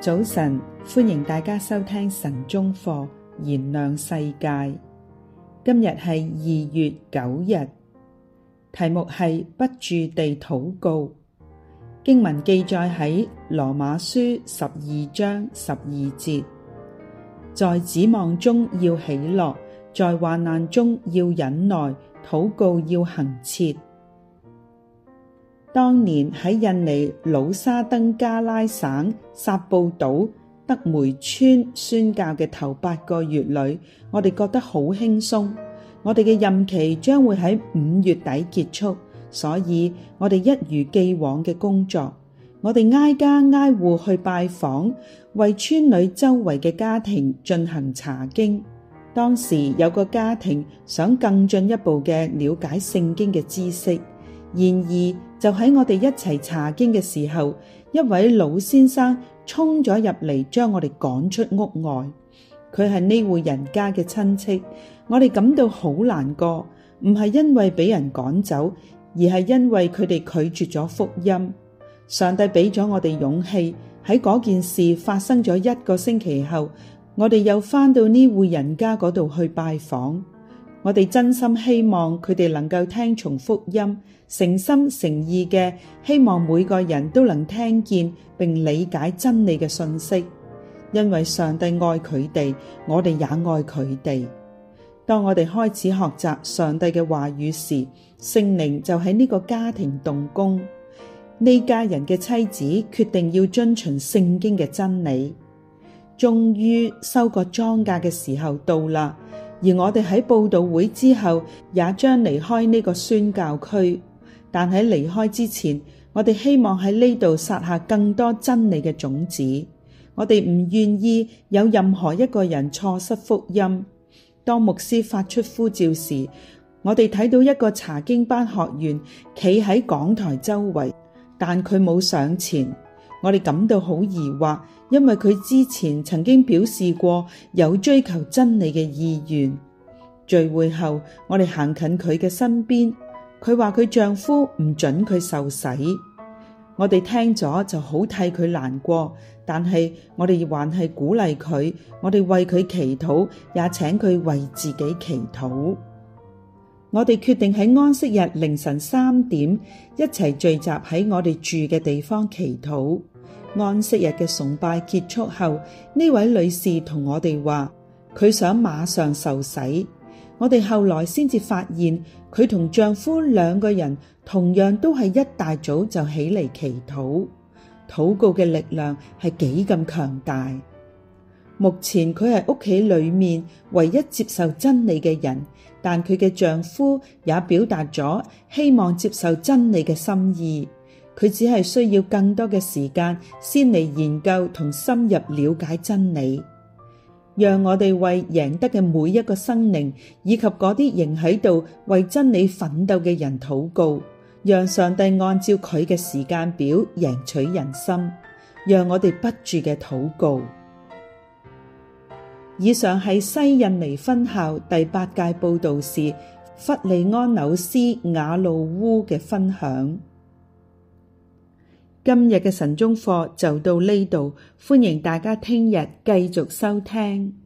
早晨，歡迎大家收聽晨鐘課，燃亮世界。今日係二月九日，題目係不住地禱告。經文記載喺羅馬書十二章十二節，在指望中要喜樂，在患難中要忍耐，禱告要恆切。當年喺印尼老沙登加拉省薩布島德梅村宣教嘅頭八個月裏，我哋覺得好輕鬆。我哋嘅任期將會喺五月底結束，所以我哋一如既往嘅工作。我哋挨家挨戶去拜訪，為村裏周圍嘅家庭進行查經。當時，有個家庭想更進一步嘅了解聖經嘅知識，然而就喺我哋一齊查經嘅時候，一位老先生衝咗入嚟，將我哋趕出屋外。佢係呢戶人家嘅親戚，我哋感到好難過，唔係因為俾人趕走，而係因為佢哋拒絕咗福音。上帝俾咗我哋勇氣，喺嗰件事發生咗一個星期後，我哋又返到呢戶人家嗰度去拜訪。我哋真心希望佢哋能夠聽從福音，誠心誠意嘅希望每個人都能聽見並理解真理嘅信息，因為上帝愛佢哋，我哋也愛佢哋。當我哋開始學習上帝嘅話語時，聖靈就喺呢個家庭動工。呢家人嘅妻子決定要遵循聖經嘅真理，終於收割莊稼嘅時候到啦。而我哋喺佈道會之後，也將離開呢個宣教區。但喺離開之前，我哋希望喺呢度撒下更多真理嘅種子。我哋唔願意有任何一個人錯失福音。當牧師發出呼召時，我哋睇到一個查經班學員企喺講台周圍，但佢冇上前。我哋感到好疑惑，因為佢之前曾經表示過有追求真理嘅意願。聚會後，我哋行近佢嘅身邊，佢話佢丈夫唔准佢受洗。我哋聽咗就好替佢難過，但係我哋還係鼓勵佢，我哋為佢祈禱，也請佢為自己祈禱。我哋決定喺安息日凌晨三點一齊聚集喺我哋住嘅地方祈禱。安息日嘅崇拜結束後，呢位女士同我哋話佢想馬上受洗。我哋後來先至發現佢同丈夫兩個人同樣都係一大早就起嚟祈禱。禱告嘅力量係幾咁強大。目前佢係屋企裏面唯一接受真理嘅人，但佢嘅丈夫也表達咗希望接受真理嘅心意。佢只係需要更多嘅時間，先嚟研究同深入了解真理，讓我哋為贏得嘅每一個生靈，以及嗰啲仍喺度為真理奮鬥嘅人禱告，讓上帝按照佢嘅時間表贏取人心，讓我哋不住嘅禱告。以上係西印尼分校第八屆佈道士，弗利安紐斯瓦魯烏嘅分享。今日嘅晨鐘課就到呢度，歡迎大家聽日繼續收聽。